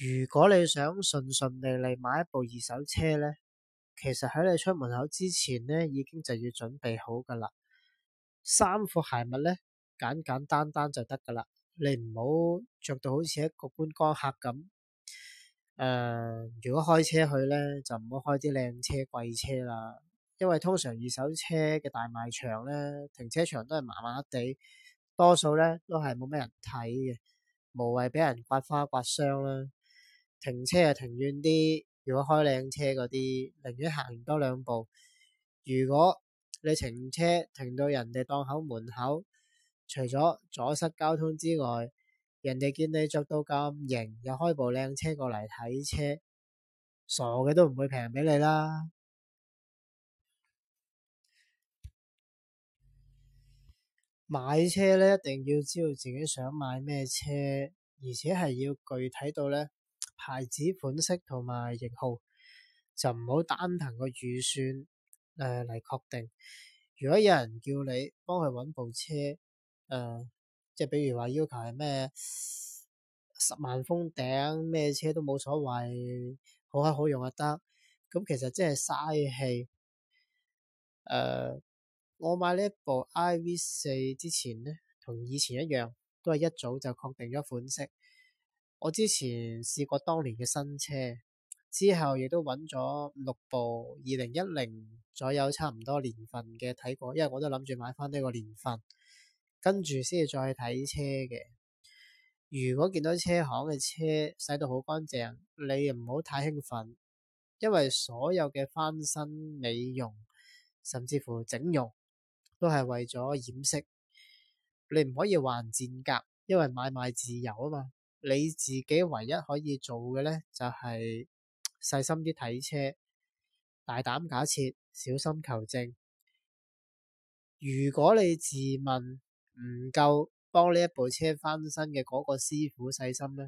如果你想順順利利買一部二手車呢，其實喺你出門口之前呢，已經就要準備好噶啦。衫褲鞋襪呢，簡簡單單，單就得噶啦。你唔好着到好似一個觀光客咁。誒、呃，如果開車去呢，就唔好開啲靚車貴車啦，因為通常二手車嘅大賣場呢，停車場都係麻麻地，多數呢都係冇咩人睇嘅，無謂俾人刮花刮傷啦。停車呀停遠啲，如果開靚車嗰啲，寧願行多兩步。如果你停車停到人哋檔口門口，除咗阻塞交通之外，人哋見你着到咁型，又開部靚車過嚟睇車，傻嘅都唔會平俾你啦。買車呢，一定要知道自己想買咩車，而且係要具體到呢。牌子、款式同埋型號就唔好單憑個預算誒嚟確定。如果有人叫你幫佢搵部車誒、呃，即係比如話要求係咩十萬封頂，咩車都冇所謂，好開好用又得。咁其實真係嘥氣。誒、呃，我買呢一部 RAV4 之前呢，同以前一樣，都係一早就確定咗款式。我之前試過當年嘅新車，之後亦都揾咗六部二零一零左右差唔多年份嘅睇過，因為我都諗住買返呢個年份，跟住先至再睇車嘅。如果見到車行嘅車洗得好乾淨，你唔好太興奮，因為所有嘅翻新美容，甚至乎整容，都係為咗掩飾。你唔可以還賤格，因為買賣自由啊嘛。你自己唯一可以做嘅呢，就係、是、細心啲睇車、大膽假設、小心求證。如果你自問唔夠幫呢一部車翻身嘅嗰個師傅細心呢，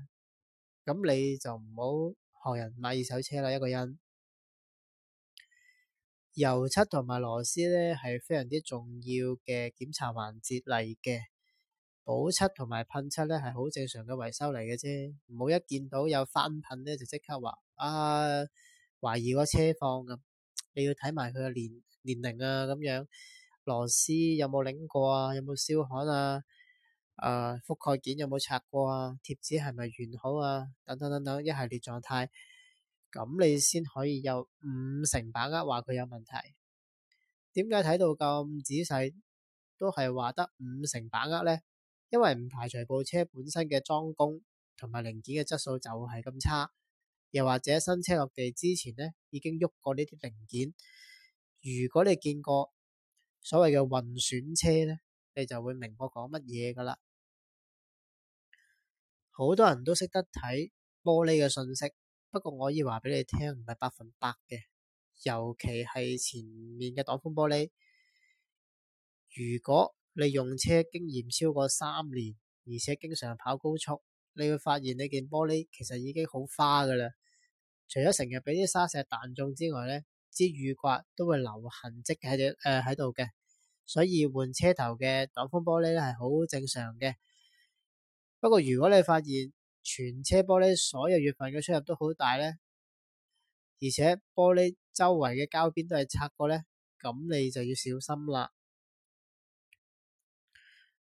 咁你就唔好學人買二手車啦。一個人油漆同埋螺絲呢，係非常之重要嘅檢查環節嚟嘅。補漆同埋噴漆咧係好正常嘅維修嚟嘅啫，唔好一見到有翻噴咧就即刻話啊懷疑個車況咁，你要睇埋佢嘅年年齡啊咁樣，螺絲有冇擰過啊，有冇燒焊啊，啊覆蓋件有冇拆過啊，貼紙係咪完好啊，等等等等一系列狀態，咁你先可以有五成把握話佢有問題。點解睇到咁仔細都係話得五成把握咧？因為唔排除部車本身嘅裝工同埋零件嘅質素就係咁差，又或者新車落地之前咧已經喐過呢啲零件。如果你見過所謂嘅運損車呢，你就會明白我講乜嘢噶啦。好多人都識得睇玻璃嘅信息，不過我以話俾你聽，唔係百分百嘅，尤其係前面嘅擋風玻璃，如果。你用車經驗超過三年，而且經常跑高速，你會發現你件玻璃其實已經好花㗎喇。除咗成日俾啲沙石彈中之外咧，支雨刮都會留痕跡喺喺度嘅，所以換車頭嘅擋風玻璃咧係好正常嘅。不過如果你發現全車玻璃所有月份嘅出入都好大咧，而且玻璃周圍嘅膠邊都係拆過咧，咁你就要小心啦。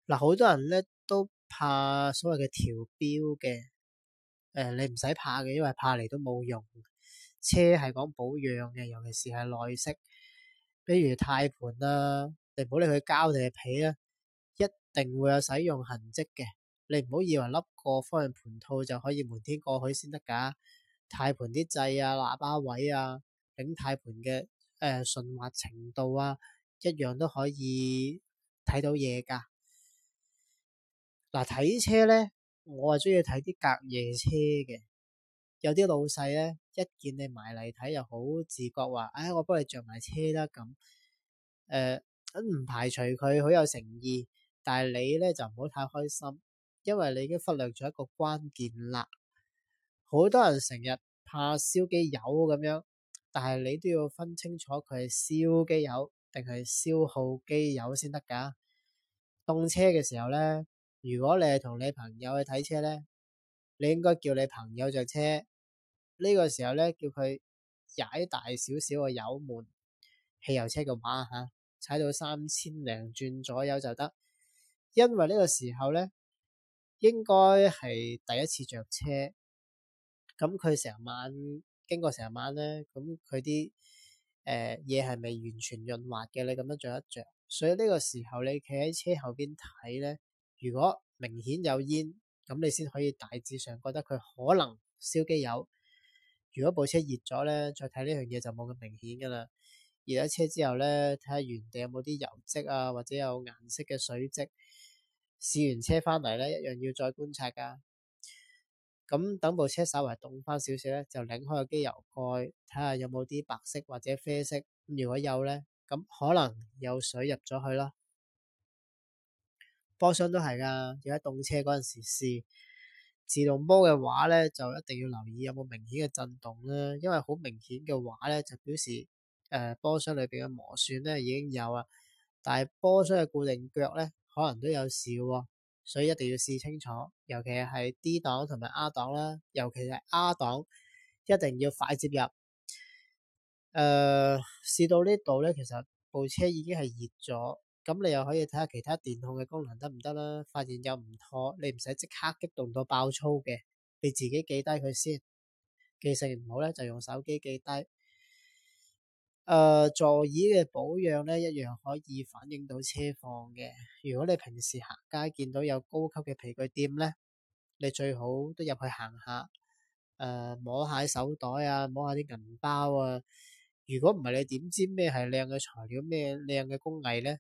嗱，好多人咧都怕所謂嘅調錶嘅，誒、呃、你唔使怕嘅，因為怕嚟都冇用。車係講保養嘅，尤其是係內飾，比如軚盤啦、啊，你唔好理佢膠定係皮啦，一定會有使用痕跡嘅。你唔好以為笠個方向盤套就可以瞞天過去先得㗎。軚盤啲掣啊、喇叭位啊、頂軚盤嘅誒、呃、順滑程度啊，一樣都可以睇到嘢㗎。嗱，睇車咧，我係中意睇啲隔夜車嘅，有啲老細咧，一見你埋嚟睇又好自覺話，唉、哎，我幫你着埋車啦咁，誒，咁、呃、唔排除佢好有誠意，但係你咧就唔好太開心，因為你已經忽略咗一個關鍵啦。好多人成日怕燒機油咁樣，但係你都要分清楚佢係燒機油定係消耗機油先得噶。凍車嘅時候咧。如果你係同你朋友去睇車咧，你應該叫你朋友着車呢個時候咧，叫佢踩大少少個油門，汽油車嘅馬吓踩到三千零轉左右就得。因為呢個時候咧，應該係第一次着車，咁佢成晚經過成晚咧，咁佢啲誒嘢係未完全潤滑嘅，你咁樣着一着，所以呢個時候你企喺車後邊睇咧。如果明顯有煙，咁你先可以大致上覺得佢可能燒機油。如果部車熱咗呢，再睇呢樣嘢就冇咁明顯噶啦。熱咗車之後呢，睇下原地有冇啲油漬啊，或者有顏色嘅水漬。試完車返嚟呢，一樣要再觀察噶。咁等部車稍微凍翻少少呢，就擰開個機油蓋，睇下有冇啲白色或者啡色。如果有呢，咁可能有水入咗去咯。波箱都係噶，要喺動車嗰陣時試自動波嘅話咧，就一定要留意有冇明顯嘅震動啦，因為好明顯嘅話咧就表示誒、呃，波箱裏邊嘅磨損咧已經有啊，但係波箱嘅固定腳咧可能都有事喎，所以一定要試清楚，尤其係 D 檔同埋 R 檔啦，尤其係 R 檔一定要快接入。誒、呃，試到呢度咧，其實部車已經係熱咗。咁你又可以睇下其他電控嘅功能得唔得啦？發現有唔妥，你唔使即刻激動到爆粗嘅，你自己記低佢先。記性唔好咧，就用手機記低。誒、呃，座椅嘅保養咧，一樣可以反映到車況嘅。如果你平時行街見到有高級嘅皮具店咧，你最好都入去行下。誒、呃，摸下手袋啊，摸下啲銀包啊。如果唔係你點知咩係靚嘅材料，咩靚嘅工藝咧？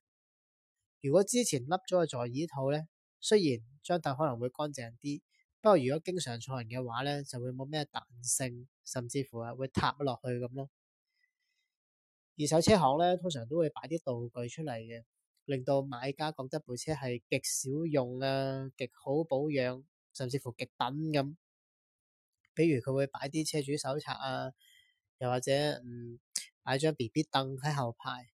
如果之前笠咗個座椅套咧，雖然張凳可能會乾淨啲，不過如果經常坐人嘅話咧，就會冇咩彈性，甚至乎係會塌落去咁咯。二手車行咧通常都會擺啲道具出嚟嘅，令到買家覺得部車係極少用啊，極好保養，甚至乎極品咁。比如佢會擺啲車主手冊啊，又或者嗯擺張 BB 凳喺後排。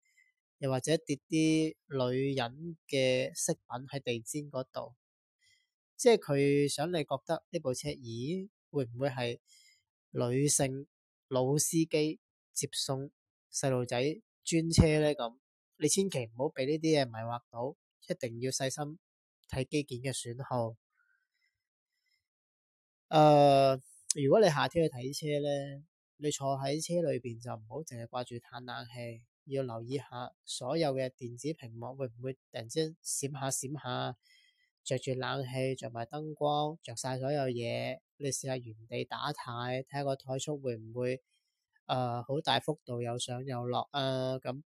又或者跌啲女人嘅飾品喺地氈嗰度，即係佢想你覺得呢部車，咦，會唔會係女性老司機接送細路仔專車咧？咁你千祈唔好俾呢啲嘢迷惑到，一定要細心睇機件嘅損耗。誒、呃，如果你夏天去睇車咧，你坐喺車裏邊就唔好淨係掛住嘆冷氣。要留意下所有嘅電子屏幕，會唔會突然之間閃下閃下，着住冷氣，着埋燈光，着晒所有嘢，你試下原地打軚，睇下個台速會唔會誒好、呃、大幅度又上又落啊咁。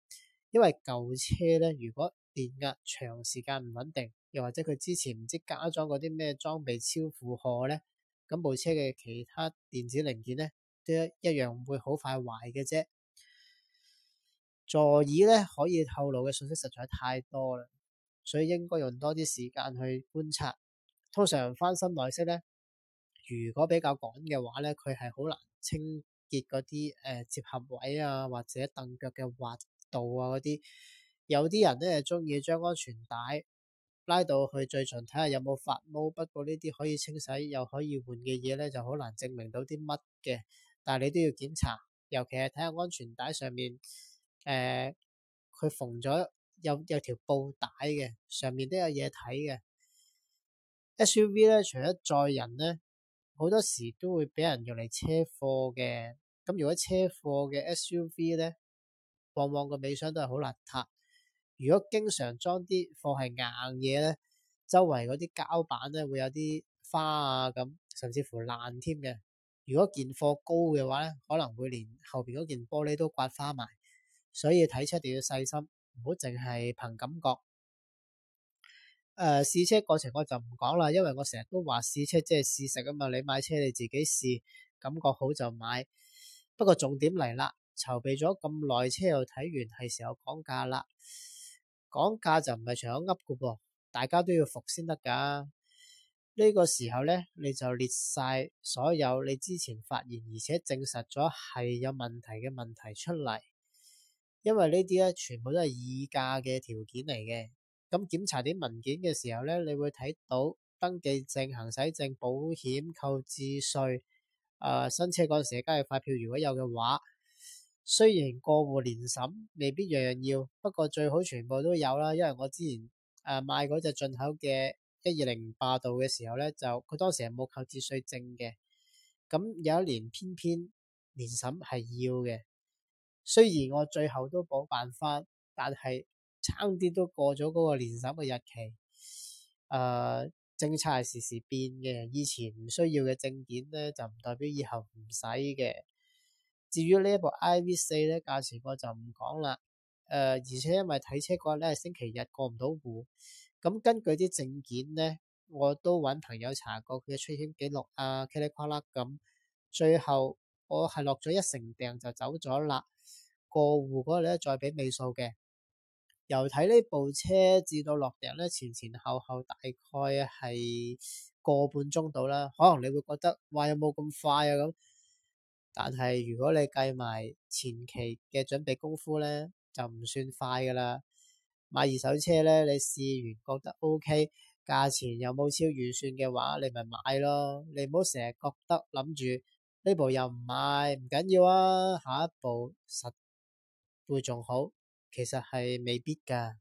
因為舊車咧，如果電壓長時間唔穩定，又或者佢之前唔知加裝嗰啲咩裝備超負荷咧，咁部車嘅其他電子零件咧，都一樣會好快壞嘅啫。座椅咧，可以透露嘅信息實在太多啦，所以應該用多啲時間去觀察。通常翻新內飾咧，如果比較趕嘅話咧，佢係好難清潔嗰啲誒，接合位啊，或者凳腳嘅滑度啊嗰啲。有啲人咧係中意將安全帶拉到去最盡，睇下有冇發毛。不過呢啲可以清洗又可以換嘅嘢咧，就好難證明到啲乜嘅。但係你都要檢查，尤其係睇下安全帶上面。誒，佢縫咗有有條布帶嘅，上面都有嘢睇嘅。SUV 咧，除咗載人咧，好多時都會俾人用嚟車貨嘅。咁如果車貨嘅 SUV 咧，往往個尾箱都係好邋遢。如果經常裝啲貨係硬嘢咧，周圍嗰啲膠板咧會有啲花啊咁，甚至乎爛添嘅。如果件貨高嘅話咧，可能會連後邊嗰件玻璃都刮花埋。.所以睇車一定要細心，唔好淨係憑感覺。誒、呃，試車過程我就唔講啦，因為我成日都話試車即係試食啊嘛。你買車你自己試，感覺好就買。不過重點嚟啦，籌備咗咁耐，車又睇完，係時候講價啦。講價就唔係隨口噏噶噃，大家都要服先得噶。呢、這個時候呢，你就列晒所有你之前發現而且證實咗係有問題嘅問題出嚟。因為呢啲咧全部都係議價嘅條件嚟嘅，咁檢查啲文件嘅時候咧，你會睇到登記證、行駛證、保險、購置稅，誒新車嗰陣時嘅交易發票，如果有嘅話，雖然過戶年審未必樣樣要，不過最好全部都有啦。因為我之前誒賣嗰隻進口嘅一二零霸道嘅時候咧，就佢當時係冇購置稅證嘅，咁有一年偏偏年審係要嘅。雖然我最後都冇辦法，但係差啲都過咗嗰個年審嘅日期。誒、呃，政策係時時變嘅，以前唔需要嘅證件咧，就唔代表以後唔使嘅。至於呢一部 RAV4 咧，價錢我就唔講啦。誒、呃，而且因為睇車嗰日咧係星期日過，過唔到戶。咁根據啲證件咧，我都揾朋友查過佢嘅出險記錄啊，嘰里呱啦咁，最後。我係落咗一成訂就走咗啦，過戶嗰日咧再俾尾數嘅。由睇呢部車至到落訂咧，前前後後大概係個半鐘度啦。可能你會覺得哇有冇咁快啊咁？但係如果你計埋前期嘅準備功夫咧，就唔算快噶啦。買二手車咧，你試完覺得 OK，價錢又冇超預算嘅話，你咪買咯。你唔好成日覺得諗住。呢部又唔買，唔緊要啊。下一部實會仲好，其實係未必㗎。